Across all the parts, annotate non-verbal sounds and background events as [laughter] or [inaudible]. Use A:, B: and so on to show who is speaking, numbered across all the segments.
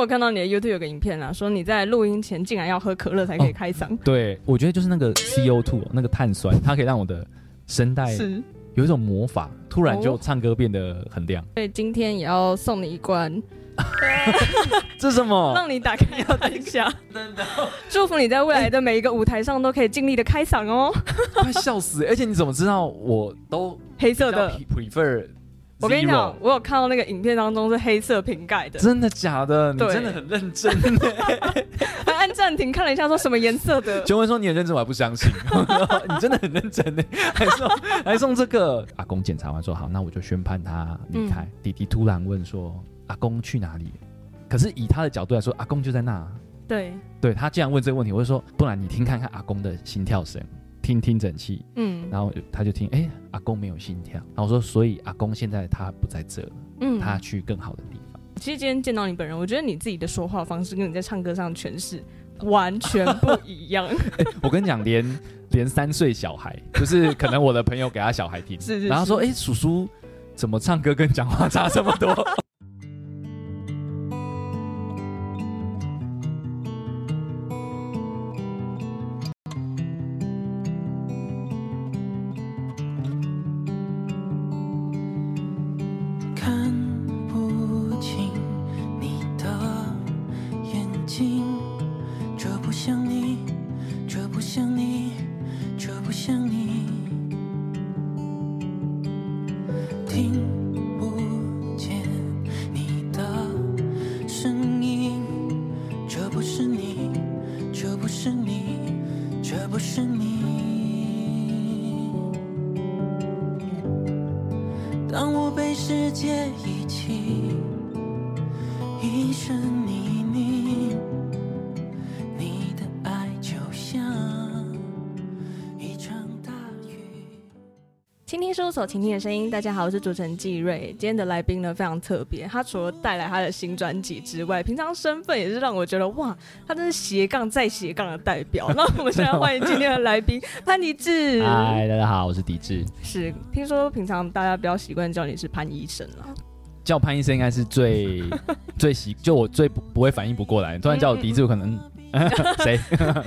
A: 我看到你的 YouTube 有個影片啊，說你在錄音前竟然要喝可樂才可以開嗓、哦。
B: 對，我覺得就是那個 CO2、喔、那個碳酸，它可以讓我的聲帶有一種魔法，突然就唱歌變得很亮。對、
A: 哦，所以今天也要送你一罐 [laughs]
B: [laughs] 這是什麼？讓
A: 你打開要等一下， [laughs] 真的、哦，祝 [laughs] 福你在未來的每一個舞台上都可以盡力的開嗓哦、喔。 [laughs] 快
B: 笑死、欸！而且你怎麼知道我都黑色的？Prefer。我跟你講、Zero，
A: 我有看到那個影片當中是黑色瓶蓋的。真
B: 的假的？你真的很認
A: 真。他 [laughs] 按暫停看了一下，說什麼顏色的。
B: 就 [laughs] 文說你很認真，我還不相信， [laughs] [laughs] 你真的很認真呢。還送 [laughs] 還送這個。阿公檢查完說好，那我就宣判他離開。嗯、弟弟突然問說阿公去哪裡？可是以他的角度來說，阿公就在那。
A: 對，
B: 對他竟然問這個問題，我就說不然你聽看看阿公的心跳聲。聽聽診器，嗯，然後他就聽，哎、欸，阿公沒有心跳。然後我說，所以阿公現在他不在這，嗯，他去更好的地
A: 方。其實今天見到你本人，我覺得你自己的說話方式跟你在唱歌上的詮釋完全不一樣、 [laughs] 欸。
B: 我跟你講，連連三歲小孩，就是可能我的朋友給他小孩聽， [laughs] 是是是，然後他說，哎、欸，叔叔，怎麼唱歌跟講話差這麼多？ [laughs]
A: 傾聽的聲音，大家好，我是主持人紀瑞。今天的來賓呢，非常特別，他除了帶來他的新專輯之外，平常身份也是讓我覺得哇，他真是斜槓再斜槓的代表。 [laughs] 那我們現在歡迎今天的來賓潘迪智 [laughs] 嗨，
B: 大家好，我是迪智。
A: 是，聽說平常大家比較習慣叫你是潘醫生了，
B: 叫潘醫生應該是最 [laughs] 最習，就我最不，不會反應不過來，突然叫我迪智，我可能。嗯誰？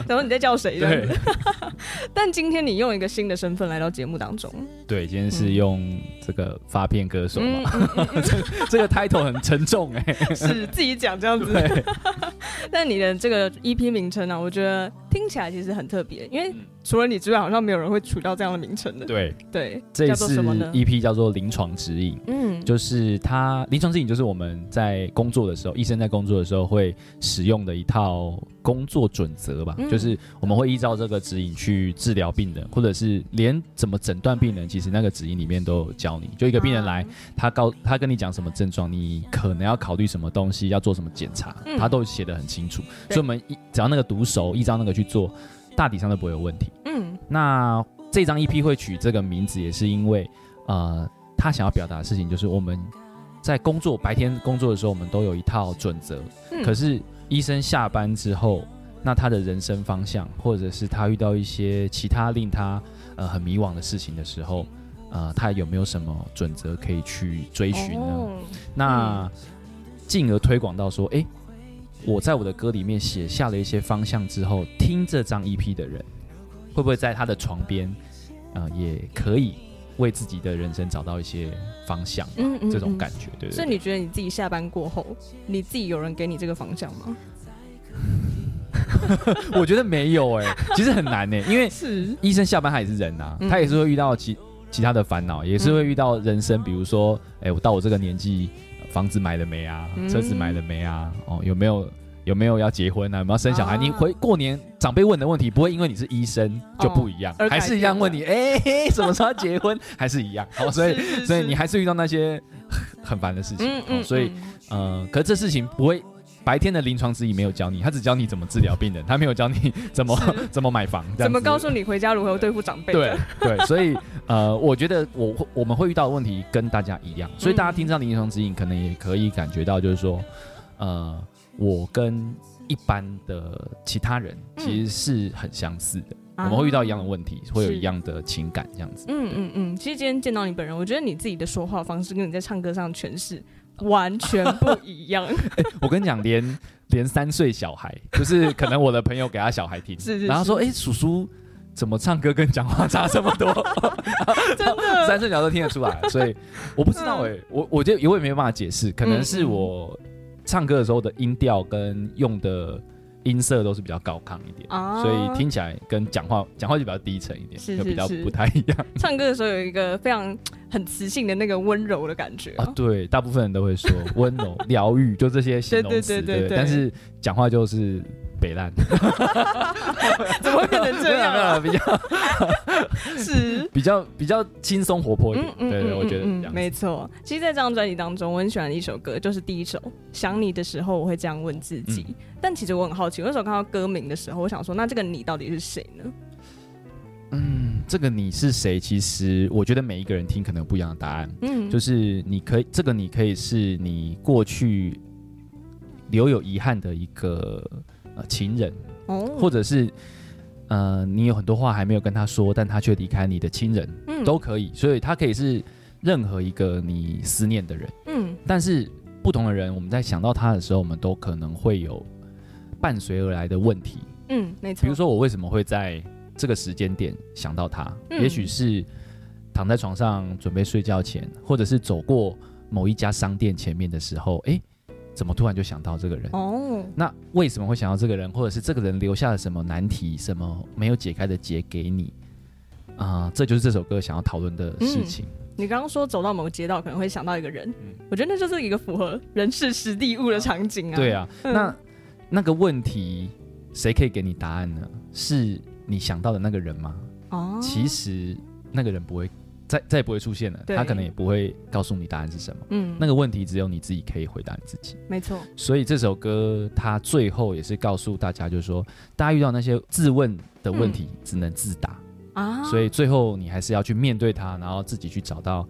B: 然後你在叫誰？對
A: [laughs] 但今天你用一個新的身份來到節目當中。
B: 對，今天是用這個發片歌手嘛。嗯嗯嗯嗯 [laughs] 這。這個 title 很沉重哎、欸。是
A: 自己講這樣子。 [laughs] 但你的這個 EP 名稱呢？啊？我覺得。聽起來其實很特別，因為除了你之外，好像沒有人會取到這樣的名稱的。對，對，這次
B: EP 叫做臨床指引，嗯，就是他臨床指引就是我們在工作的時候，醫生在工作的時候會使用的一套工作準則吧、嗯，就是我們會依照這個指引去治療病人，或者是連怎麼診斷病人，其實那個指引裡面都有教你，你就一個病人來，他告，他跟你講什麼症狀，你可能要考慮什麼東西，要做什麼檢查、嗯，他都寫的很清楚，所以我們一只要那個讀熟，依照那個去去做，大體上都不會有問題。嗯，那這張 EP 會取這個名字，也是因為，呃，他想要表達的事情就是，我們在工作白天工作的時候，我們都有一套準則。嗯，可是醫生下班之後，那他的人生方向，或者是他遇到一些其他令他呃很迷惘的事情的時候，呃，他有沒有什麼準則可以去追尋呢？哦哦那進、嗯、而推廣到說，誒、欸。我在我的歌裡面寫下了一些方向之後聽這張 EP 的人，會不會在他的床邊，啊、呃，也可以為自己的人生找到一些方向？嗯，嗯，嗯。這種感覺，對，對，對。所以你
A: 覺得你自己下班過後，你自己有人給你這個方向嗎？
B: [laughs] 我覺得沒有哎、欸，其實很難哎、欸，因為是醫生下班他也是人吶、啊嗯，他也是會遇到其其他的煩惱，也是會遇到人生，嗯、比如說，哎、欸，我到我這個年紀。房子買了沒啊、嗯？車子買了沒啊？哦，有沒有有沒有要結婚啊？有沒有生小孩、啊？你回過年長輩問的問題，不會因為你是醫生、啊、就不一樣、哦，還是一樣問你，哎、啊欸，什麼時候要結婚？ [laughs] 還是一樣。好、哦，所以是是是，所以你還是遇到那些很煩的事情。嗯嗯哦、所以嗯，呃、可是這事情不會。白天的臨床指引沒有教你，他只教你怎麼治療病人， [laughs] 他沒有教你怎麼怎麼買房，怎麼告訴
A: 你回家如何有對付長輩的。對
B: 對，所以 [laughs] 呃，我覺得我我們會遇到的問題跟大家一樣，所以大家聽上的臨床指引，可能也可以感覺到，就是說，呃，我跟一般的其他人其實是很相似的，嗯、我們會遇到一樣的問題，啊、會有一樣的情感，這樣子。嗯嗯
A: 嗯，其實今天見到你本人，我覺得你自己的說話方式跟你在唱歌上詮釋。完全不一樣、 [laughs] 欸。
B: 我跟你講，連連三歲小孩， [laughs] 就是可能我的朋友給他小孩聽， [laughs] 是是是然後說：“哎、欸，叔叔怎麼唱歌跟講話差這麼多？ [laughs] 真的笑三歲小孩都聽得出來。”所以我不知道、欸，哎、 [laughs] 嗯，我我就也會沒有辦法解釋，可能是我唱歌的時候的音調跟用的，音色都是比較高亢一點啊，所以聽起來跟講話講話就比較低沉一點，就比較不太一樣。
A: 唱歌的時候有一個非常很磁性的那個溫柔的感覺哦。啊，
B: 對，大部分人都會說溫柔、療 [laughs] 癒，就這些形容詞。對，但是講話就是。北 [laughs] [laughs] 怎麼會變成這樣啊？ [laughs] [laughs] [laughs] [laughs] [laughs] [laughs] 比較是比較比較輕鬆活潑一點，嗯嗯、對，對，對，我覺得、嗯嗯嗯、
A: 沒錯。其實，在這張專輯當中，我很喜歡的一首歌，就是第一首《想你的時候》，我會這樣問自己、嗯。但其實我很好奇，我那時候看到歌名的時候，我想說，那這個你到底是誰呢？嗯，
B: 這個你是誰？其實我覺得每一個人聽可能有不一樣的答案。嗯，就是你可以，這個你可以是你過去留有遺憾的一個。呃，情人，oh. 或者是，呃，你有很多話還沒有跟他說，但他卻離開你的親人，嗯，都可以。所以他可以是任何一個你思念的人，嗯。但是不同的人，我們在想到他的時候，我們都可能會有伴隨而來的問題，嗯，
A: 沒錯。比如說，
B: 我為什麼會在這個時間點想到他？嗯、也許是躺在床上準備睡覺前，或者是走過某一家商店前面的時候，哎、欸。怎麼突然就想到這個人？哦、
A: oh.，
B: 那為什麼會想到這個人，或者是這個人留下了什麼難題、什麼沒有解開的結給你？啊、呃，這就是這首歌想要討論的事情。
A: 嗯、你剛剛說走到某個街道可能會想到一個人、嗯，我覺得那就是一個符合人事時地物的場景啊。Oh. 對啊，那
B: 那個問題誰可以給你答案呢？是你想到的那個人嗎？哦、oh.，其實那個人不會。再再也不會出現了，他可能也不會告訴你答案是什麼。嗯，那個問題只有你自己可以回答你自己。沒錯，所以這首歌它最後也是告訴大家，就是說，大家遇到那些自問的問題，嗯、只能自答啊。所以最後你還是要去面對它，然後自己去找到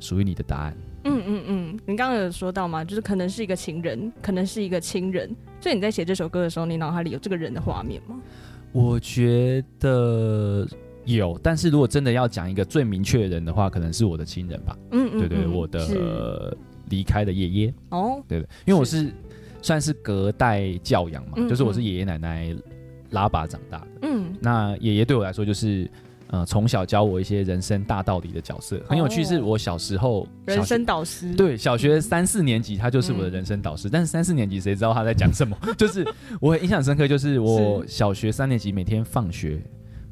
B: 屬於你的答案。
A: 嗯嗯嗯，嗯，你剛剛有說到嘛，就是可能是一個情人，可能是一個親人。所以你在寫這首歌的時候，你腦海裡有這個人的畫面嗎？我，
B: 我覺得。有，但是如果真的要講一個最明確的人的話，可能是我的親人吧。嗯，嗯，嗯對，對對，我的、呃、離開的爺爺。哦，對，對對，因為我是，是算是隔代教養嘛嗯嗯，就是我是爺爺奶奶拉拔長大的。嗯，那爺爺對我來說就是呃，從小教我一些人生大道理的角色，嗯、很有趣。是我小時候、哦、小小人生
A: 導師。對，
B: 小學三四年級他就是我的人生導師，嗯、但是三四年級誰知道他在講什麼？ [laughs] [laughs] 就是我很印象深刻，就是我小學三年級每天放學。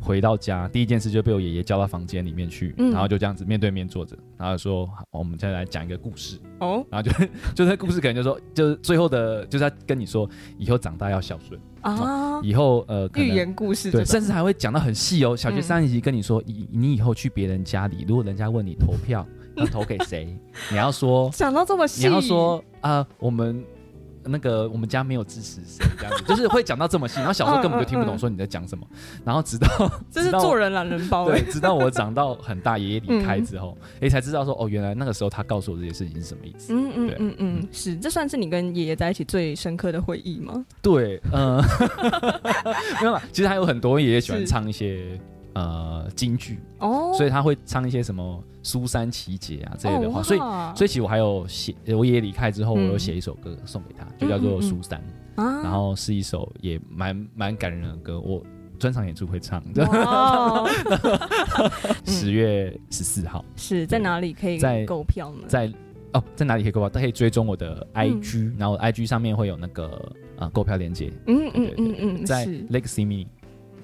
B: 回到家，第一件事就被我爺爺叫到房間裡面去、嗯，然後就這樣子面對面坐着，然後說：“好，我們再來講一個故事。”哦，然後就就那故事可能就說，就是最後的，就是他跟你說，以後長大要孝順
A: 啊。以
B: 後呃，寓言故事對，對，甚至還會講到很細哦、喔。小學三年級跟你說，你、嗯、你以後去別人家裡，如果人家問你投票要 [laughs] 投給誰， [laughs] 你要說講到這麼細，你要說啊，我們。那個我們家沒有支持是這樣子， [laughs] 就是會講到這麼細，然後小時候根本就聽不懂說你在講什麼、嗯嗯嗯，然後直到，直到這是做人懶人包、欸，對， [laughs] 直到我長到很大，爺爺離開之後，誒、嗯欸，才知道說哦，原來那個時候他告訴我這些事情是什麼意思，嗯
A: 嗯嗯、啊、嗯，是，這算是你跟爺爺在一起最深刻的回憶嗎？對，嗯、呃，沒有了，其實還有
B: 很多爺爺喜歡唱一些。呃，京劇，哦、oh.，所以他會唱一些什麼蘇三起解啊之類的話，oh, wow. 所以所以其實我還有寫，我爺爺離開之後，嗯、我有寫一首歌送給他，就叫做蘇三、嗯嗯嗯啊，然後是一首也蠻蠻感人的歌，我專場演出會唱的。
A: 十、
B: wow. [laughs] [laughs] [laughs] [laughs] 月十四號、嗯、是在哪裡可以購票呢？在、在哦，在哪裡可以購票？他可以追蹤我的 IG，、嗯、然後 IG 上面會有那個啊購、呃、票鏈接。嗯嗯嗯嗯、嗯、嗯對對對，在 Legacy Me、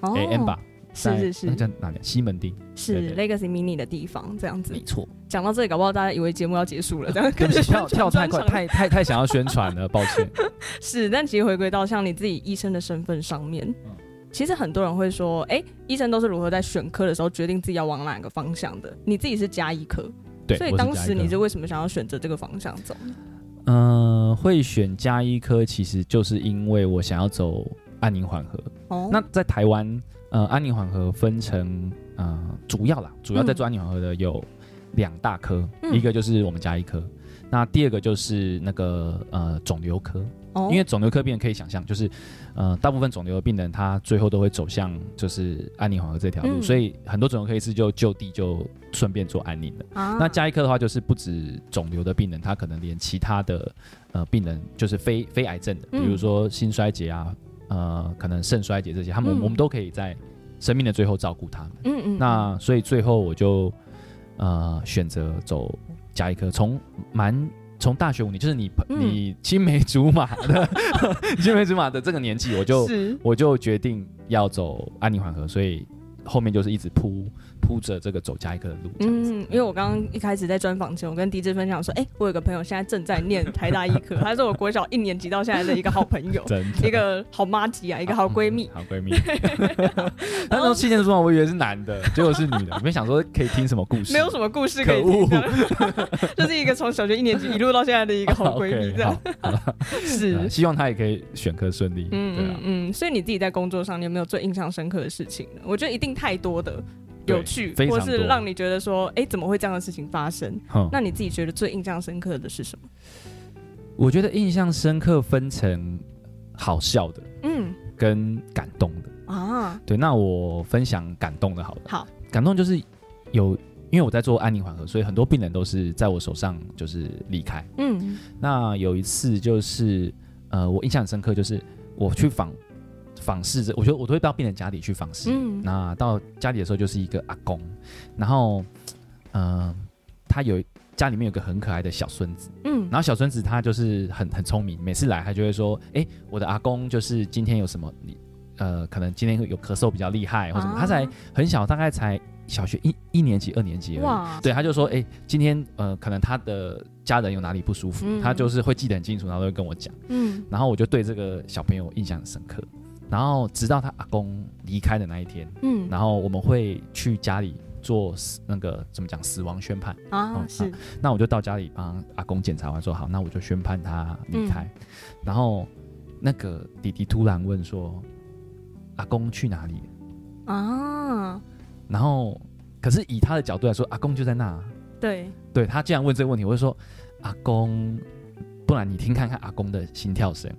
B: oh. amba。是是是，在哪裡西門町
A: 是對對對 Legacy Mini 的地方，這樣子沒錯。講到這裡，搞不好大家以為節目要結束了，這樣可是跳, [laughs] 跳,跳太快，傳傳太快太
B: 太想要宣傳了， [laughs] 抱歉。
A: 是，但其實回歸到像你自己醫生的身份上面、嗯，其實很多人會說，哎、欸，醫生都是如何在選科的時候決定自己要往哪個方向的？你自己是家醫科，對，所以當時是你是為什麼想要選擇這個方向走呢？嗯、
B: 呃，會選家醫科，其實就是因為我想要走安寧緩和。哦，那在台灣。呃，安寧緩和分成呃主要啦，主要在做安寧緩和的有兩大科、嗯，一個就是我們家醫科，那第二個就是那個呃腫瘤科，哦、因為腫瘤科病人可以想象，就是呃大部分腫瘤的病人他最後都會走向就是安寧緩和這條路、嗯，所以很多腫瘤科醫師就就地就順便做安寧的、啊。那家醫科的話，就是不止腫瘤的病人，他可能連其他的呃病人，就是非非癌症的，比如說心衰竭啊。嗯呃，可能腎衰竭這些，他們、嗯、我們都可以在生命的最後照顧他們。嗯嗯。那所以最後我就呃選擇走家醫科，從蠻從大學五年，就是你、嗯、你青梅竹馬的 [laughs] 青梅竹馬的這個年紀，我就我就決定要走安寧緩和，所以後面就是一直鋪。鋪着這個走加醫科的路
A: 的。嗯，因為我剛剛一開始在專訪前，我跟迪智分享說，哎、欸，我有個朋友現在正在念台大醫科， [laughs] 他是我國小一年級到現在的一個好朋友， [laughs] 一個好麻吉啊，一個好閨蜜，啊嗯、好
B: 閨蜜。那時候七年的時候，我以為是男的， [laughs] 結果是女的。你們想說可以聽什麼故事。沒有什
A: 麼故事可以聽的， [laughs] [laughs] [laughs] 就是一個從小學一年級一路到現在的一個好閨蜜這樣。 [laughs] 啊、okay, [laughs] 是
B: 希望她也可以選科順利。嗯嗯，
A: 所以你自己在工作上，你有沒有最印象深刻的事情呢？ [laughs] 我覺得一定太多的。有趣，或是讓你覺得說，哎、欸，怎麼會這樣的事情發生？嗯，那你自己覺得最印象深刻的是什麼？
B: 我覺得印象深刻分成好笑的，嗯，跟感動的啊、嗯。對，那我分享感動的好了，好的，好。感動就是有，因為我在做安寧緩和，所以很多病人都是在我手上就是離開。嗯，那有一次就是，呃，我印象深刻，就是我去訪。嗯訪視著，我覺得我都會到病人家裡去訪視。嗯。那到家裡的時候，就是一個阿公，然後，嗯、呃，他有家裡面有個很可愛的小孫子，嗯。然後小孫子他就是很很聰明，每次來他就會說：“哎，我的阿公就是今天有什麼？你呃，可能今天有咳嗽比較厲害，或什麼。啊”他才很小，大概才小學一一年級、二年級而已。哇。對，他就說：“哎，今天呃，可能他的家人有哪裡不舒服，嗯、他就是會記得很清楚，然後會跟我講。”嗯。然後我就對這個小朋友印象很深刻。然後直到他阿公離開的那一天，嗯，然後我們會去家裡做死那個怎麼講死亡宣判啊、嗯、啊？那我就到家裡幫阿公檢查完說，說好，那我就宣判他離開。嗯、然後那個弟弟突然問說：“阿公去哪裡？”
A: 啊，
B: 然後可是以他的角度來說，阿公就在那。對，對他既然問這個問題，我就說阿公，不然你聽看看阿公的心跳聲。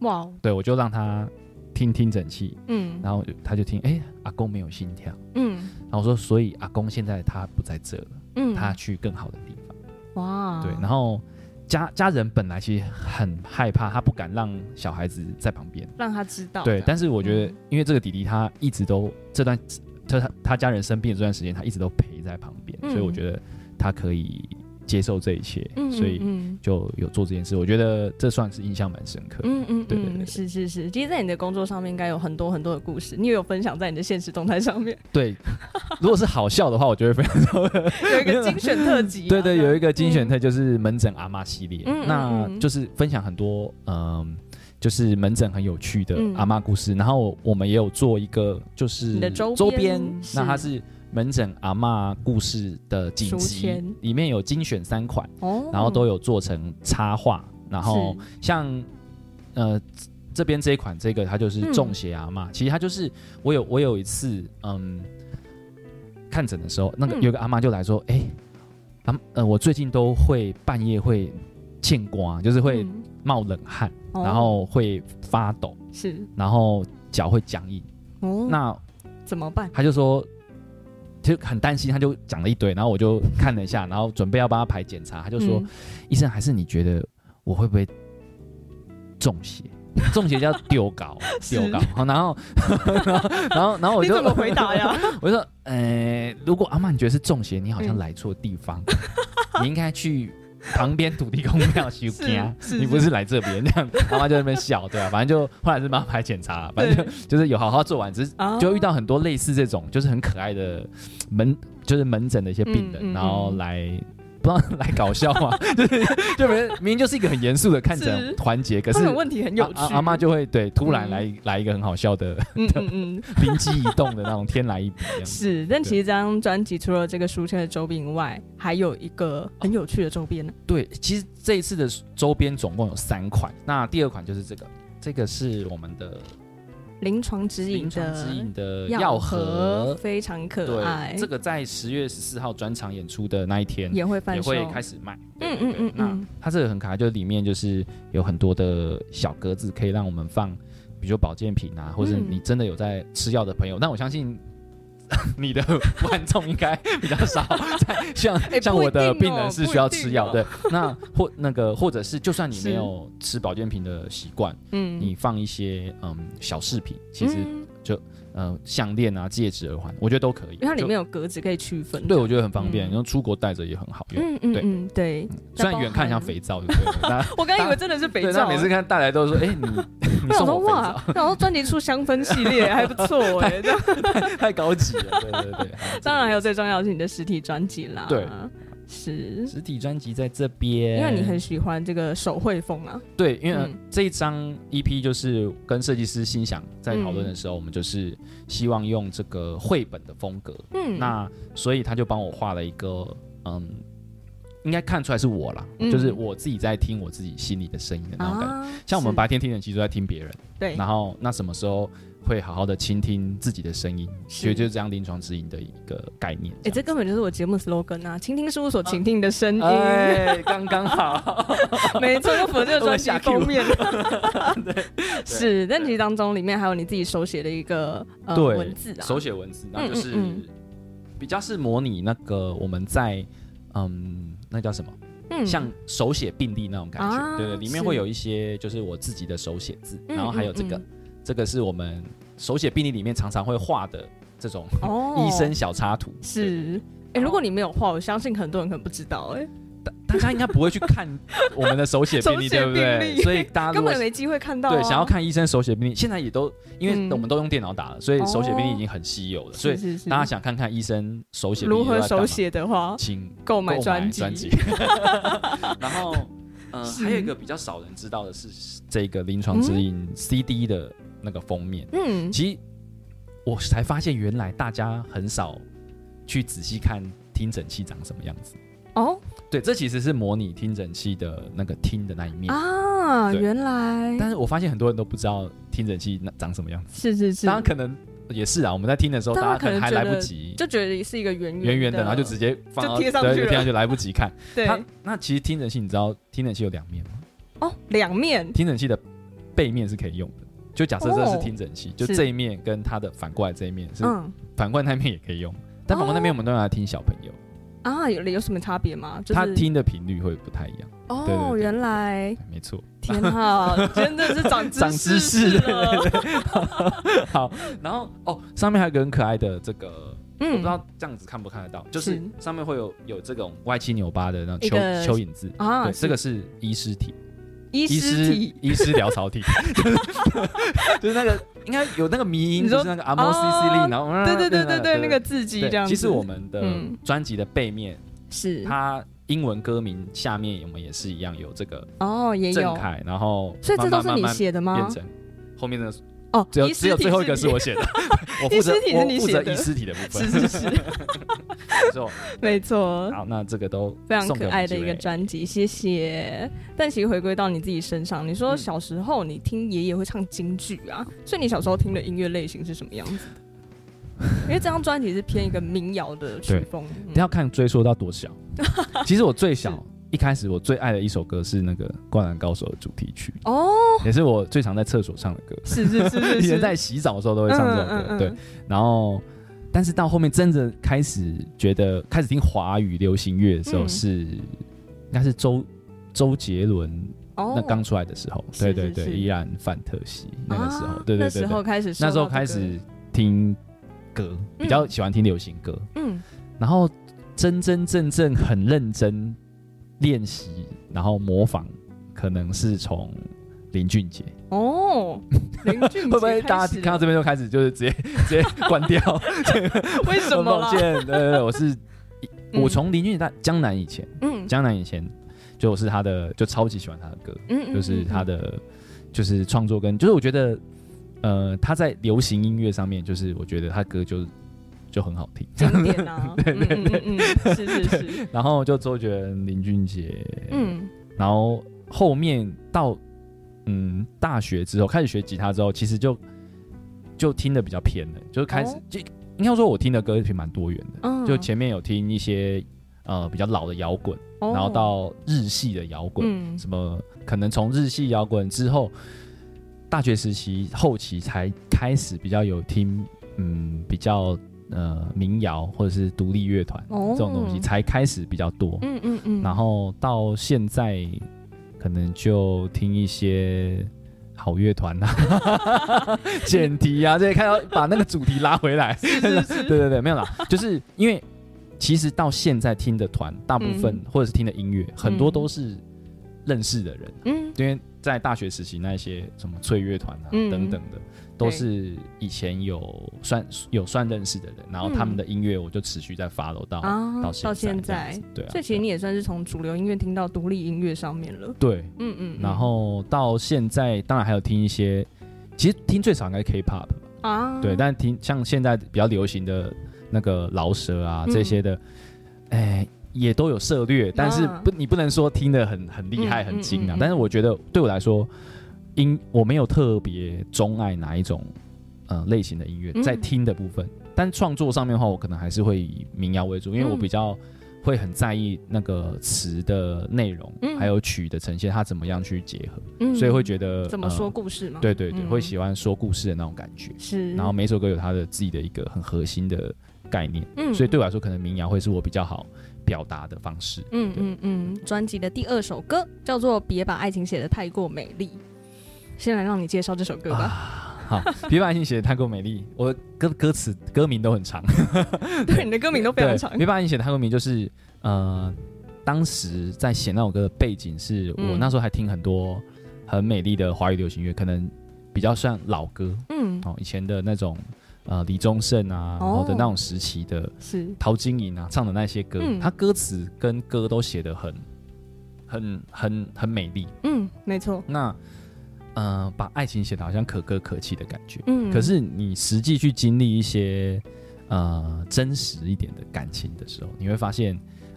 B: 哇、哦，對我就讓他。聽聽診器，嗯，然後他就聽，哎、欸，阿公沒有心跳，嗯，然後說，所以阿公現在他不在這，嗯，他去更好的地
A: 方，哇，對，然
B: 後家家人本來其實很害怕，他不敢讓小孩子在旁邊，
A: 讓他知道，對，但是我覺得，
B: 因為這個弟弟他一直都這段，嗯、就他他他家人生病的這段時間，他一直都陪在旁邊，嗯，所以我覺得他可以。接受這一切，所以就有做這件事。嗯嗯嗯，我覺得這算是印象蠻深刻。嗯
A: 嗯，嗯，對，對對對，是是是。其實，在你的工作上面，應該有很多很多的故事，你也有分享在你的現實動態上面。
B: 對， [laughs] 如果是好笑的話，我就會分享出來。有一個精選特輯、啊， [laughs] 對，對對，有一個精選特就是門診阿媽系列，嗯嗯嗯嗯，那就是分享很多嗯，就是門診很有趣的阿媽故事、嗯。然後我們也有做一個就是周邊你的周周邊，那它是。門診阿媽故事的錦集裡面有精選三款，哦嗯、然後都有做成插畫。然後像呃這邊這一款，這個它就是中邪阿媽、嗯。其實它就是我有我有一次嗯看診的時候，那個有個阿媽就來說：“哎、嗯，阿、欸啊、呃我最近都會半夜會欠光，就是會冒冷汗、嗯哦，然後會發抖，是，然後腳會僵硬。
A: 哦、那怎麼辦？”他
B: 就說。就很擔心，他就講了一堆，然後我就看了一下，然後準備要幫他排檢查，他就說、嗯：“醫生，還是你覺得我會不會中邪？中邪叫丟稿，丟 [laughs] 稿。」好，然後 [laughs] [laughs] 然後然後我就怎麼回答呀？ [laughs] 我就說：“呃，如果阿嬤你覺得是中邪，你好像來錯地方，嗯、 [laughs] 你應該去。”旁邊土地公廟，， [laughs] 你不是來這邊 [laughs] 這樣，媽媽就在那邊笑，對啊，反正就後來 [laughs] 是媽媽來檢查，反正就就是有好好做完，只是、oh. 就遇到很多類似這種，就是很可愛的門，就是門診的一些病人，嗯、然後來。嗯嗯不知道來搞笑嗎？對、 [laughs] 就是， [laughs] 就明明就是一個很嚴肅的看診環節，可是有問題很有趣，啊啊，阿媽就會對突然來、嗯、來一個很好笑的，嗯嗯嗯，靈、嗯、機一動的那種天來一筆， [laughs] 是。但其實這
A: 張專輯除了這個書籤的周邊以外，還有一個很有趣的周邊、啊。
B: 對，其實這一次的周邊總共有三款，那第二款就是這個，這個是我們的。
A: 臨床指引的藥盒，臨床指引的藥盒非常可愛。對，這
B: 個在十月十四號專場演出的那一天也會也會開始賣。對
A: 對對嗯，嗯嗯
B: 嗯，那它這個很可愛，就是裡面就是有很多的小格子，可以讓我們放，比如說保健品啊，或者你真的有在吃藥的朋友、嗯。但我相信。 [laughs] 你的觀眾應該比較少。像像我的病人是需要吃藥，對，那或那個或者是就算你沒有吃保健品的習慣，嗯，你放一些嗯小飾品，其實就。嗯、呃，項鏈啊、戒指、耳環，我覺得都可以。因為它裡面
A: 有格子可以區分，對，我覺得很方便。
B: 然、嗯、後出國帶着也很好用，嗯對嗯，
A: 嗯對。雖然遠
B: 看像肥皂對，對不對？ [laughs] 我剛以為真的是肥皂，啊。每次看大家都說：“哎、欸，你
A: 我 [laughs] 送我肥皂？”然後專輯出香氛系列還不錯哎， [laughs] 太，
B: [laughs] 太高級
A: 了。對對對、對。 [laughs] 當然還有最重要的是你的實體專輯啦。對。
B: 是實體專輯在這邊，因為你很
A: 喜歡這個手繪風啊。對，因為
B: 這一張 EP 就是跟設計師心想在討論的時候，嗯，我們就是希望用這個繪本的風格。嗯，那所以他就幫我畫了一個，嗯，應該看出來是我啦，嗯，就是我自己在聽我自己心裡的聲音的那種感覺。啊，像我們白天聽的，其實都在聽別人。對，然後那什麼時候？會好好的傾聽自己的聲音，所以就是這樣臨床指引的一個概念。
A: 哎、欸，這根本就是我節目 slogan 啊！傾聽事務所，傾聽你的聲音，啊哎、剛剛好， [laughs] [laughs] 沒錯，就符合這個封面。 [laughs] 對對是對對，但其實當中裡面還有你自己手寫的一個、呃、文字、啊，手寫文字，那就是、嗯嗯嗯、
B: 比較是模擬那個我們在嗯，那叫什麼？
A: 嗯、像
B: 手寫病歷那種感覺。對、啊、對，裡面會有一些就是我自己的手寫字，嗯嗯、然後還有這個。嗯嗯這個是我們手寫病歷裡面常常會畫的這種、哦、 [laughs] 醫生小插圖。是，
A: 哎、欸，如果你沒有畫，我相信很多人可能不知道、欸。哎，大家應該不會去看
B: [laughs] 我們的手寫病歷，對不對？所以大家根本沒機會看到、啊。對，想要看醫生手寫病歷，現在也都因為、嗯、我們都用電腦打了，所以手寫病歷已經很稀有了、哦。所以大家想看看醫生手寫如何手寫的話，請購買專輯。專輯 [laughs]
A: 然
B: 後、呃，還有一個比較少人知道的是，這個臨床指引 CD 的、嗯。那個封面，嗯，其實我才發現，原來大家很少去仔細看聽診器長什麼樣子。哦，對，這其實是模擬聽診器的那個聽的那一面啊，
A: 原來。但是我
B: 發現很多人都不知道聽診器那長什麼樣子。是是是，當然可能也是啊。我們在聽的時候，大家可能還來不及圓
A: 圓，就覺得是一個圓圓的，的，然後就直接放貼、啊、上去天貼上去
B: 來不及看。 [laughs] 對，那其實聽診器，你知道聽診器有兩面嗎？
A: 哦，兩面，
B: 聽診器的背面是可以用就假設這是聽診器、哦，就這一面跟它的反過來這一面是反過那面也可以用，嗯、但反過來那面我們都要來聽小朋友、
A: 哦、啊，有什麼差別嗎、就是？他聽
B: 的頻率會不太一樣哦對對對，原來沒錯，挺好、啊， [laughs] 真的是長知識
A: [laughs] [laughs] 好，
B: 然後哦，上面還有一個很可愛的這個、嗯，我不知道這樣子看不看得到，就是上面會有有這種歪七扭八的那種蚯蚯蚓字啊對，這個是醫師體。醫師醫師療潦草體， [laughs] 體 [laughs] [laughs] 就、那個，就是那個應該有那個迷音，就是那個阿莫西西利，然後對對對對對，後對，對，對，對，對對對，那個字跡這樣。其實我們的專輯的背面是、嗯、它英文歌名下面，我們也是一樣有這個凱哦，正楷，然後所以這都是你寫的嗎？慢慢變成後面的。哦，只有，只有最後一個是我寫的, [laughs] 的，我負責我負責以你寫的部分，是是是 [laughs] [laughs] 沒，沒錯，沒錯。好，那這個都非常可愛的一個
A: 專輯，謝謝。但其實回歸到你自己身上，你說小時候你聽爺爺會唱京劇啊、嗯，所以你小時候聽的音樂類型是什麼樣子？ [laughs] 因為這張專輯是偏一個民謠的曲風，你要、
B: 嗯、看追溯到多小？ [laughs] 其實我最小。一開始我最愛的一首歌是那個《灌籃高手》的主題曲哦，oh. 也是我最常在廁所唱的歌，是是是，是， [laughs] 以前在洗澡的時候都會唱這首歌，嗯嗯嗯嗯。對，然後，但是到後面真的開始覺得開始聽華語流行樂的時候是，嗯、應該是周周杰倫、oh. 那剛出來的時候是是是，對對對，依然范特西那個時候，oh. 對對對，對,對那時候開始那時候開始聽歌，比較喜歡聽流行歌，嗯，嗯然後真真正正很認真。練習，然後模仿，可能是從林俊傑哦，
A: 林俊傑 [laughs] 會不會大家看到
B: 這邊就開始就是直接 [laughs] 直接關掉？ [laughs] 為什麼？抱歉，對對對，我是、嗯、我從林俊傑在江南以前，嗯，江南以前就我是他的，就超級喜歡他的歌，嗯，嗯，嗯，嗯，嗯，就是他的就是創作跟就是我覺得，呃，他在流行音樂上面，就是我覺得他歌就是。就很好聽，經典啊、 [laughs] 對對對嗯嗯嗯，嗯，是是是。 [laughs] 然後就周杰倫、林俊杰，嗯。然後後面到嗯大學之後，開始學吉他之後，其實就就聽的比較偏的，就是開始、哦、就應該說，我聽的歌其實蠻多元的、哦。就前面有聽一些呃比較老的搖滾、哦，然後到日系的搖滾、嗯，什麼可能從日系搖滾之後，大學時期後期才開始比較有聽，嗯，比較。呃，民謠或者是獨立樂團、oh. 這種東西才開始比較多。嗯嗯嗯。然後到現在，可能就聽一些好樂團啊，簡 [laughs] [laughs] 題啊這些，看 [laughs] 到把那個主題拉回來。 [laughs] 是是是是 [laughs] 對對對，沒有啦， [laughs] 就是因為其實到現在聽的團，大部分、嗯、或者是聽的音樂、嗯，很多都是認識的人、啊。嗯，因為在大學時期那些什麼脆樂團啊、嗯、等等的。都是以前有算有算認識的人，嗯，然後他們的音樂我就持續在 follow 到、啊、到現在。對啊，所以其實
A: 你也算是從主流音樂聽到獨立音樂上面了。對，嗯嗯，嗯。然
B: 後到現在，當然還有聽一些，其實聽最少應該是 K-pop 啊，對。但聽像現在比較流行的那個饒舌啊、嗯、這些的，哎，也都有涉略，但是不，啊、你不能說聽得很很厲害，嗯嗯嗯嗯嗯嗯，很精啊。但是我覺得對我來說。音我沒有特別鍾愛哪一種，呃類型的音樂在聽的部分，嗯、但創作上面的話，我可能還是會以民謠為主，嗯，因為我比較會很在意那個詞的內容，嗯，還有曲的呈現，它怎麼樣去結合，嗯、所以會覺得怎麼說故事嗎？呃、對對對，對、嗯，會喜歡說故事的那種感覺。是，然後每首歌有它的自己的一個很核心的概念，嗯、所以對我來說，可能民謠會是我比較好表達的方式。
A: 嗯嗯嗯，專、嗯、輯的第二首歌叫做《別把愛情寫得太過美麗》。先來讓你介紹這首歌吧、啊。
B: 好，別 [laughs] 把你寫的太過美麗，我歌歌詞歌名都很長。
A: [laughs] 對，你的歌名都非常長。別把
B: 你寫的太過美麗，就是呃，當時在寫那首歌的背景是、嗯、我那時候還聽很多很美麗的華語流行樂，可能比較像老歌。嗯、哦，以前的那種呃，李宗盛啊，然後、哦、的那種時期的是陶晶瑩啊唱的那些歌，嗯、他歌詞跟歌都寫的很很很很美麗。
A: 嗯，沒錯。那
B: 嗯、呃，把愛情寫的好像可歌可泣的感覺。嗯，可是你實際去經歷一些，呃，真實一點的感情的時候，你會發現，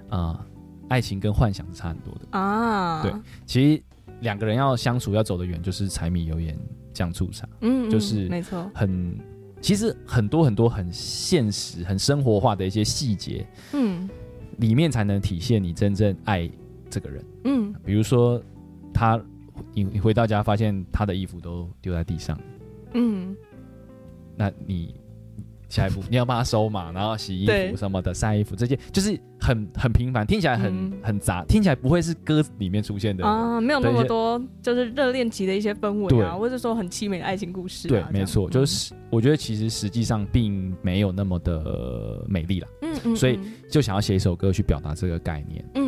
B: 啊、呃，愛情跟幻想是差很多的
A: 啊。對，
B: 其實兩個人要相處要走得遠，就是柴米油鹽醬醋茶。嗯、嗯，就是沒錯。很，其實很多很多很現實、很生活化的一些細節，嗯，裡面才能體現你真正愛這個人。嗯，比如說他。你你回到家，發現他的衣服都丟在地上，嗯，那你下一步你要幫他收嘛， [laughs] 然後洗衣服什麼的，曬衣服這些，就是很很平凡，聽起來很、嗯、很雜，聽起來不會是歌裡面出現的啊，沒有那麼多，
A: 就是熱戀期的一些氛圍啊，或者說很淒美的愛情故事、啊，對，沒錯、嗯，就是
B: 我覺得其實實際上並沒有那麼的美麗啦，嗯，嗯嗯，所以就想要寫一首歌去表達這個概念，嗯。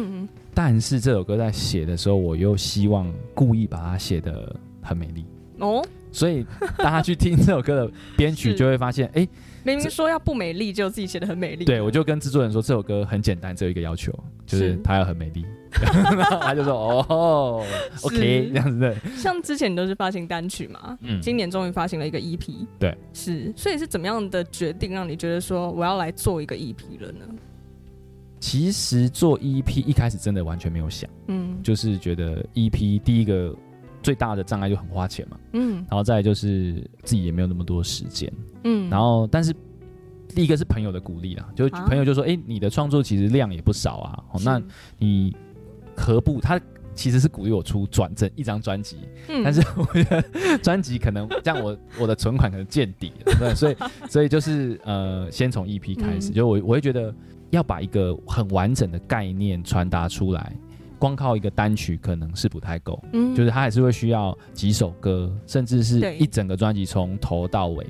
B: 但是這首歌在寫的時候，我又希望故意把它寫的很美麗哦，所以大家去聽這首歌的編曲，就會發現，哎、 [laughs] 欸，
A: 明明說要不美麗，就自己寫的很美麗。對，
B: 我就跟制作人說，這首歌很簡單，只有一個要求，就是它要很美麗。 [laughs] 他就說， [laughs] 哦，OK，這樣子的。
A: 像之前你都是發行單曲嘛，嗯，今年終於發行了一個 EP。對，是。所以是怎麼樣的決定讓你覺得說我要來做一個 EP 了呢？
B: 其實做 EP 一開始真的完全沒有想，嗯，就是覺得 EP 第一個最大的障礙就很花錢嘛，嗯，然後再就是自己也沒有那麼多時間，嗯，然後但是第一個是朋友的鼓勵啦，就朋友就說，哎、啊欸，你的創作其實量也不少啊，喔、那你何不，他其實是鼓勵我出轉正一張專輯，嗯，但是我覺得專輯可能這樣我 [laughs] 我的存款可能見底了，對，所以所以就是呃，先從 EP 開始，嗯，就我我會覺得。要把一個很完整的概念傳達出來，光靠一個單曲可能是不太夠，嗯，就是他還是會需要幾首歌，甚至是一整個專輯從頭到尾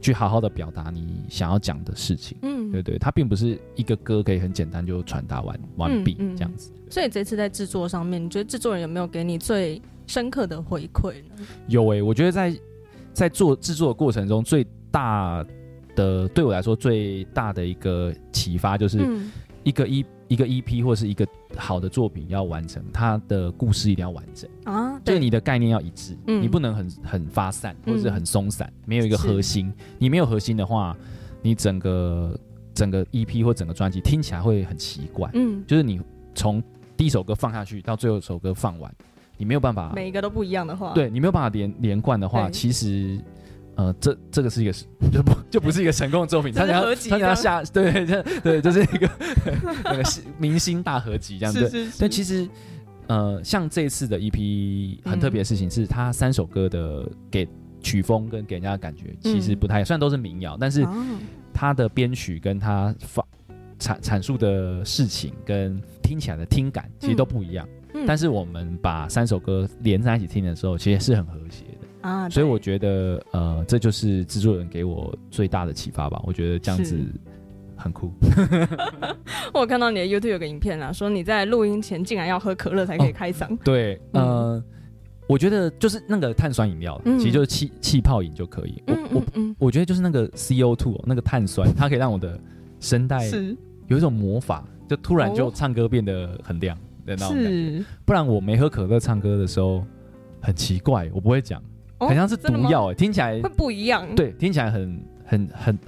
B: 去好好的表達你想要講的事情，嗯，對不對，它並不是一個歌可以很簡單就傳達完完畢，嗯，這樣子。
A: 所以這次在製作上面，你覺得製作人有沒有給你最深刻的回饋呢？
B: 有誒，欸，我覺得在在做製作的過程中，最大。的對我來說，最大的一個啟發，就是一個一、e, 嗯、一個 EP 或是一個好的作品要完成，它的故事一定要完整啊，對就是、你的概念要一致，嗯、你不能很很發散或者很鬆散、嗯，沒有一個核心。你沒有核心的話，你整個整個 EP 或整個專輯聽起來會很奇怪。嗯，就是你從第一首歌放下去到最後一首歌放完，你沒有辦法每一個都不一樣的話，對你沒有辦法連連貫的話，欸、其實。呃，這這個是一個就不就不是一個成功的作品，他想要，他想要下對，這對就是一個那個 [laughs] [laughs] 明星大合集這樣子。但其實呃，像這次的 EP 很特別的事情，是他三首歌的給曲風跟給人家的感覺其實不太算，嗯，雖然都是民謠，但是他的編曲跟他發闡闡述的事情跟聽起來的聽感其實都不一樣。嗯嗯，但是我們把三首歌連在一起聽的時候，其實是很和諧。啊，所以我覺得，呃，這就是製作人給我最大的啟發吧。我覺得這樣子很酷。
A: [laughs] 我看到你的 YouTube 有個影片啊，說你在錄音前竟然要喝可樂才可以開嗓。哦。對、
B: 嗯，呃，我覺得就是那個碳酸飲料、嗯，其實就是氣氣泡飲就可以。我、嗯嗯嗯、我我覺得就是那個 CO two、哦、那個碳酸，它可以讓我的聲帶有一種魔法，就突然就唱歌變得很亮的、哦、那種感覺、是、不然我沒喝可樂唱歌的時候很奇怪，我不會講。哦、很像是毒藥哎、欸，聽起來會
A: 不一樣。對，
B: 聽起來很很很，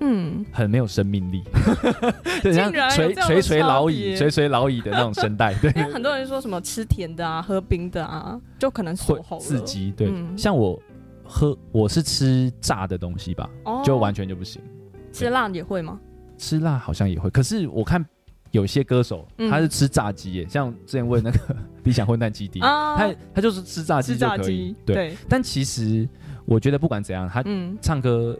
B: 嗯，很沒有生命力， [laughs] 對，像垂垂垂老矣、垂垂老矣的那種聲帶。對、欸，
A: 很多人說什麼吃甜的啊，喝冰的啊，就可能好會刺激。對，嗯、像
B: 我喝，我是吃炸的東西吧，哦、就完全就不行。
A: 吃辣也會嗎？
B: 吃辣好像也會，可是我看。有些歌手他是吃炸雞耶、嗯，像之前問那個 [laughs] 理想混蛋基地，啊、他他就是吃炸雞就可以炸雞對。對，但其實我覺得不管怎樣，他唱歌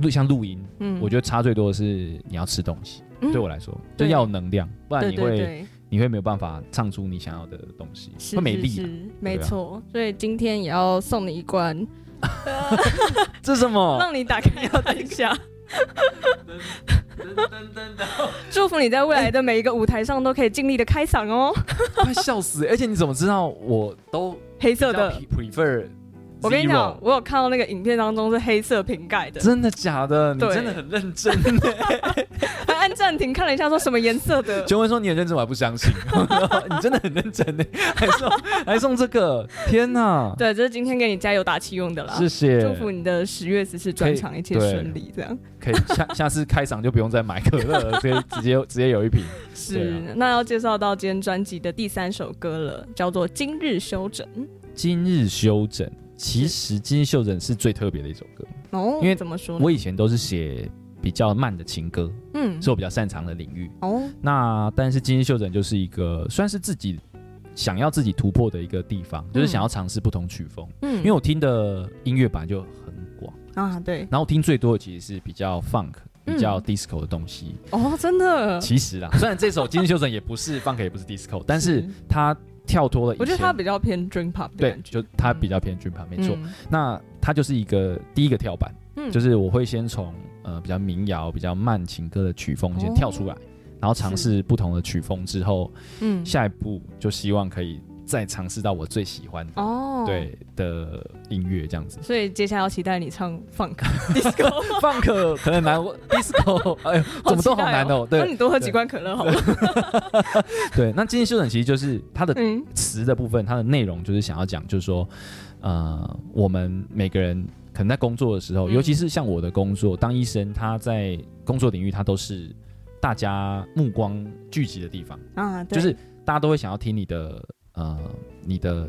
B: 錄、嗯、像錄音、嗯，我覺得差最多的是你要吃東西。嗯、對我來說，就要能量，不然你會對對對你會沒有辦法唱出你想要的東西。是，會沒力沒錯、
A: 啊。所以今天也要送你一罐， [laughs] 對啊、 [laughs] 這是什麼？ [laughs] 讓你打開要等一下。 [laughs] [laughs] [laughs] 祝福你在未來的每一個舞台上都可以盡力的開嗓哦！ [laughs] 快
B: 笑死，欸！而且你怎麼知道我都黑色的，prefer。Zero、我跟你講，
A: 我有看到那個影片當中是黑色瓶蓋的，真
B: 的假的？你真的
A: 很認真，還按暫停看了一下，說什麼顏色的？
B: 就文說你很認真，我還不相信，你真的很認真呢 [laughs] [laughs] 暫， [laughs] [laughs] [laughs] 還送 [laughs] 還送這個，天哪！對，
A: 這、就是今天給你加油打氣用的啦，謝謝，祝福你的十月十四專場一切順利，這樣
B: 可以下下次開場就不用再買可樂了， [laughs] 可以直接直接有一瓶。是，啊、
A: 那要介紹到今天專輯的第三首歌了，叫做《今日休整》。
B: 今日休整。其實《金秀珍》是最特別的一首歌哦，因為怎麼說？我以前都是寫比較慢的情歌，嗯，是我比較擅長的領域哦。那但是《金秀珍》就是一個算是自己想要自己突破的一個地方，嗯，就是想要嘗試不同曲風，嗯，因為我聽的音樂本來就很廣啊，對。然後我聽最多的其實是比較 funk、嗯、比較 disco 的東西
A: 哦，真的。其
B: 實啊， [laughs] 雖然這首《金秀珍》也不是 funk，也不是 disco，但是它跳脫了一些，我覺得他比較偏 dream pop，對，就他比較偏 dream pop，嗯、沒錯。那他就是一個第一個跳板，嗯，就是我會先從呃比較民謠、比較慢情歌的曲風先跳出來，哦、然後嘗試不同的曲風之後，嗯，下一步就希望可以。再嘗試到我最喜歡的哦，oh. 對的音樂這樣子，所
A: 以接下來要期待你唱放克 disco，放克可能難 [laughs] disco，哎呦、哦，怎麼都好難哦。對，那你多喝幾罐可樂好嗎？對，對，
B: 對， [laughs] [laughs] 對，那今天修正其實就是它的詞的部分，它、嗯、的內容就是想要講，就是說，呃，我們每個人可能在工作的時候，嗯、尤其是像我的工作，當醫生，他在工作領域，他都是大家目光聚集的地方，
A: 嗯、啊，就是
B: 大家都會想要聽你的。呃，你的，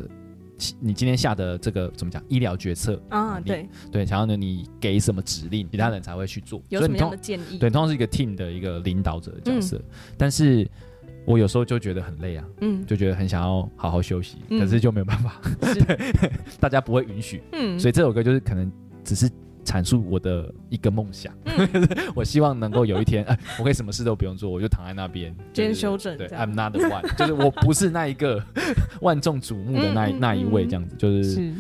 B: 你今天下的這個怎麼講醫療決策啊？對對，然後呢，你給什麼指令，其他人才會去做？有什麼樣的建議？對，通常是一個 team 的一個領導者的角色。嗯。但是我有時候就覺得很累啊，嗯，就覺得很想要好好休息，嗯，可是就沒有辦法，嗯， [laughs] 對，是 [laughs] 大家不會允許。嗯。所以這首歌就是可能只是。闡述我的一個夢想，嗯、 [laughs] 我希望能夠有一天，哎、 [laughs] 啊，我可以什麼事都不用做，我就躺在那邊
A: 兼、就是、修整。對，I'm not the one， [laughs] 就是
B: 我不是那一個萬眾矚目的那、嗯、那一位，這樣子就是、是。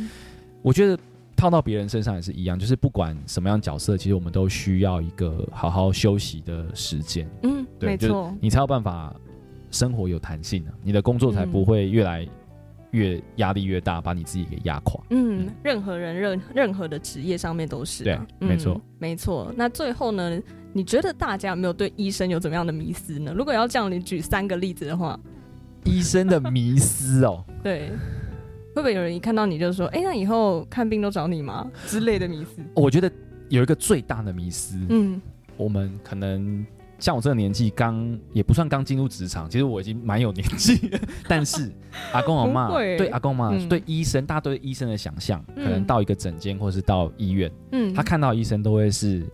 B: 我覺得套到別人身上也是一樣，就是不管什麼樣角色，其實我們都需要一個好好休息的時間。嗯，
A: 對、沒錯，就你
B: 才有辦法生活有彈性、啊，你的工作才不會越來。越壓力越大，把你自己給壓垮。嗯，
A: 任何人任任何的職業上面都是對、嗯，沒錯，沒錯。那最後呢？你覺得大家有沒有對醫生有怎麼樣的迷思呢？如果要這樣，你舉三個例子的話，
B: 醫生的迷思哦， [laughs] 對，
A: 會不會有人一看到你就說：“哎，那以後看病都找你嗎？”之類的迷思？
B: 我覺得有一個最大的迷思，
A: 嗯，
B: 我們可能。像我這個年紀，剛也不算剛進入職場，其實我已經蠻有年紀。 [laughs] 但是阿公阿嬤，對阿公阿嬤，嗯、對醫生，大家都對醫生的想象，嗯、可能到一個診間或者是到醫院，嗯，他看到醫生都會是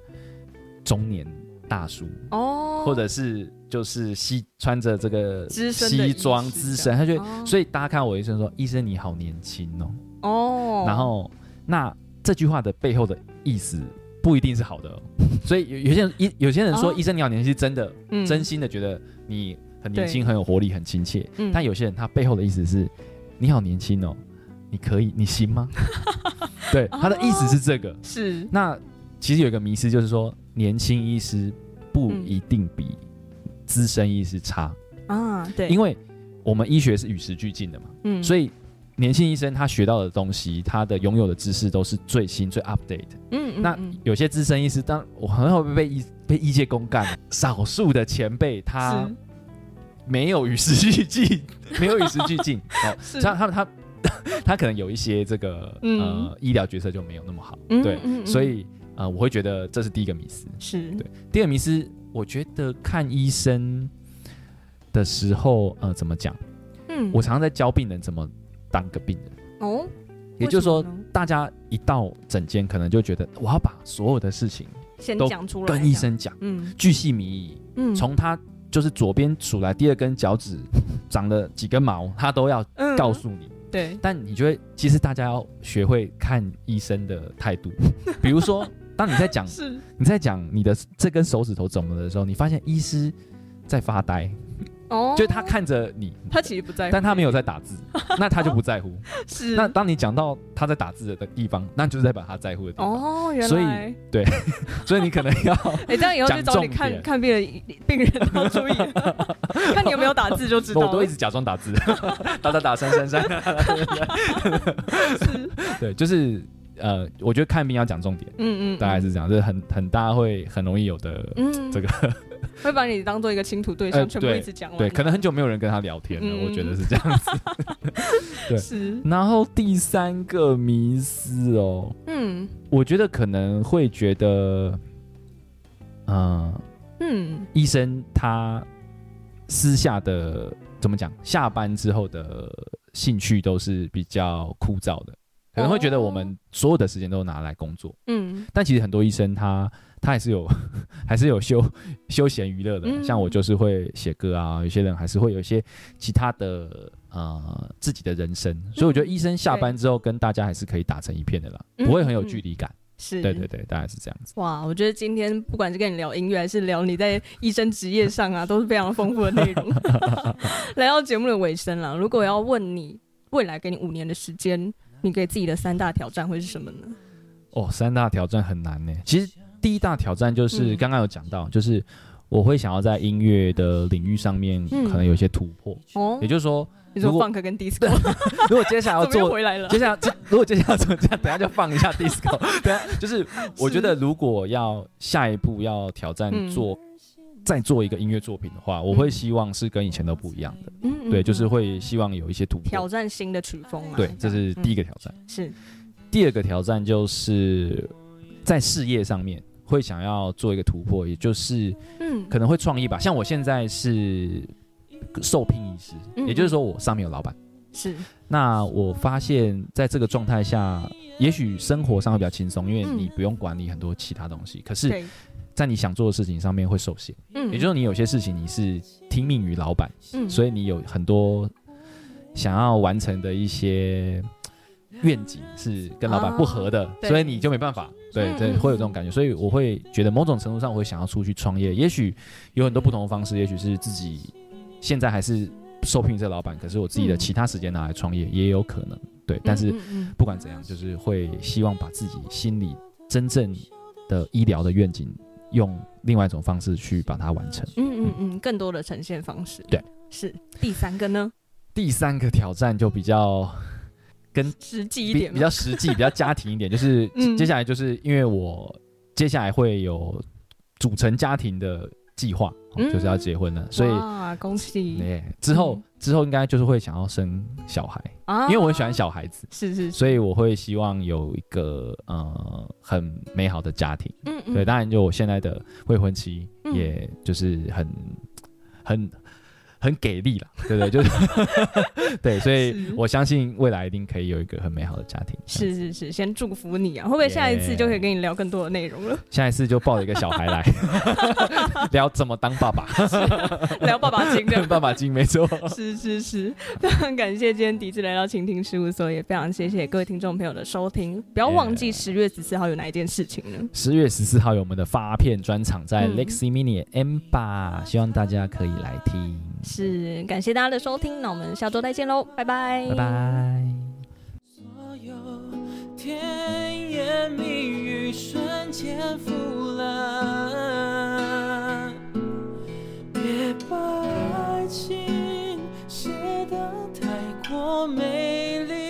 B: 中年大叔
A: 哦，嗯、或者
B: 是就是西穿着這個西裝資深，深，他覺得，哦、所以大家看到我醫生說：“醫生你好年輕哦。”
A: 哦，然後
B: 那這句話的背後的意思，不一定是好的，哦。所以有有些人醫，有些人說，醫生你好年輕，真的，啊嗯，真心的覺得你很年輕、很有活力、很親切。但有些人他背後的意思是，你好年輕哦，你可以，你行嗎？ [laughs] 對、啊，他的意思是這個是。那其實有一個迷思，就是說年輕醫師不一定比資深醫師差啊。對、嗯，因為我們醫學是與時俱進的嘛。嗯，所以。年輕醫生他學到的東西，他的擁有的知識都是最新最 update。嗯，嗯嗯。那有些資深醫師，當我很少被醫被醫界公幹，少數的前輩他沒有與時俱進，沒有與時俱進。是。 [laughs] [laughs] uh, 是他他他他可能有一些這個、嗯、呃醫療角色就沒有那麼好。對。嗯嗯嗯，所以呃，我會覺得這是第一個迷思。是。對。第二個迷思，我覺得看醫生的時候呃怎麼講？嗯。我常常在教病人怎麼。當個病人
A: 哦，也就是說，
B: 大家一到診間，可能就覺得我要把所有的事情都講出來，跟醫生講，嗯，巨細靡遺，嗯，從他就是左邊數來第二根腳趾長了幾根毛，他都要告訴你，嗯，對。但你就會，其實大家要學會看醫生的態度， [laughs] 比如說，當你在講， [laughs] 你在講你的這根手指頭怎麼了的時候，你發現醫師在發呆。
A: 哦、oh，就他看
B: 着你，
A: 他其實不在乎，但他沒
B: 有在打字，那他就不在乎。 [laughs] 是，那當你講到他在打字的地方，那你就是在把他在乎的地方。哦、oh，原來所以對，所以你可能要， [laughs] 哎、欸，這樣以後去找你看看病人，病人要注意，看你有沒有打字就知道。我都一直假裝打字， [laughs] 打打打，三三三 [laughs] [laughs]
A: 是。
B: 對，就是呃，我覺得看病要講重點，嗯，嗯嗯，大概是這樣，就是很很大會很容易有的，這個。嗯嗯 [laughs]
A: 會把你當做一個傾吐對象、呃對，全部一直講完。對，可能
B: 很久沒有人跟他聊天了，嗯、我覺得是這樣子。 [laughs] [laughs] 對，是。然後第三個迷思哦，嗯，我覺得可能會覺得，嗯、呃，嗯，醫生他私下的怎麼講，下班之後的興趣都是比較枯燥的。可能會覺得我們所有的時間都拿來工作，嗯，但其實很多醫生他他還是有，還是有休休閒娛樂的、嗯。像我就是會寫歌啊，有些人還是會有一些其他的呃自己的人生。所以我覺得醫生下班之後跟大家還是可以打成一片的啦，嗯，不會很有距離感。是，嗯，對對對，大概是這樣
A: 子。哇，我覺得今天不管是跟你聊音樂，還是聊你在醫生職業上啊， [laughs] 都是非常豐富的內容。 [laughs] [laughs] [laughs] 來到節目的尾聲啦，如果要問你未來給你五年的時間。你給自己的三大挑戰會是什麼呢？
B: 哦，三大挑戰很難呢。其實第一大挑戰就是剛剛、嗯、有講到，就是我會想要在音樂的領域上面可能有一些突破。哦、嗯，也就是說，你說 funk
A: 跟 disco， [laughs]
B: 如果接下來要做 [laughs] 來接下來 [laughs] 如果接下來要做，等下就放一下 disco。 [laughs] 對，就是我覺得如果要下一步要挑戰做。嗯再做一個音樂作品的話、嗯，我會希望是跟以前都不一樣的、嗯嗯，對，就是會希望有一些突破，
A: 挑戰新的曲風嘛對。對，這
B: 是第一個挑戰。嗯、是第二個挑戰，就是在事業上面會想要做一個突破，嗯、也就是嗯，可能會創意吧。像我現在是受聘醫師、嗯，也就是說我上面有老闆。
A: 是。
B: 那我發現，在這個狀態下，也許生活上會比較輕鬆，因為你不用管理很多其他東西。嗯、可是，在你想做的事情上面會受限，嗯，也就是你有些事情你是聽命於老闆，嗯，所以你有很多想要完成的一些願景是跟老闆不合的，所以你就沒辦法，對對，會有這種感覺。所以我會覺得某種程度上，我會想要出去創業。也許有很多不同的方式，也許是自己現在還是受聘這個老闆，可是我自己的其他時間拿來創業也有可能，對。但是不管怎樣，就是會希望把自己心裡真正的醫療的願景。用另外一種方式去把它完
A: 成。嗯嗯嗯，更多的呈現方式。對，是第三個呢？
B: 第三個挑戰就比較跟，實際一點嗎？比，比較實際、 [laughs] 比較家庭一點，就是、嗯、接下來就是因為我接下來會有組成家庭的。計劃、嗯、就是要結婚了，所以啊
A: 恭喜！之後、嗯、
B: 之後應該就是會想要生小孩啊，因為我很喜歡小孩子，是是，是，所以我會希望有一個呃很美好的家庭，嗯，嗯，對，當然就我現在的未婚妻，也就是很、嗯、很。很給力了，對對， [laughs] 就是對，所以我相信未來一定可以有一個很美好的家庭。
A: 是是是，先祝福你啊！會不會下一次就可以跟你聊更多的內容了？
B: 下一次就抱一個小孩來 [laughs] [laughs] 聊怎麼當爸爸，
A: 聊爸爸經
B: 的。 [laughs] 爸爸經沒錯，
A: 是是是，非常感謝今天第一次來到青聽事務所，也非常謝謝各位聽眾朋友的收聽。不要忘記十月十四號有哪一件事情呢？
B: 十、嗯、月十四號有我們的發片專場在 Legacy mini @ amba，希望大家可以來聽。
A: 是，感謝大家的收聽，那我們下周再見嘍，拜拜，拜拜。所有甜言蜜
B: 語瞬間腐爛，別把愛情寫得太過美麗。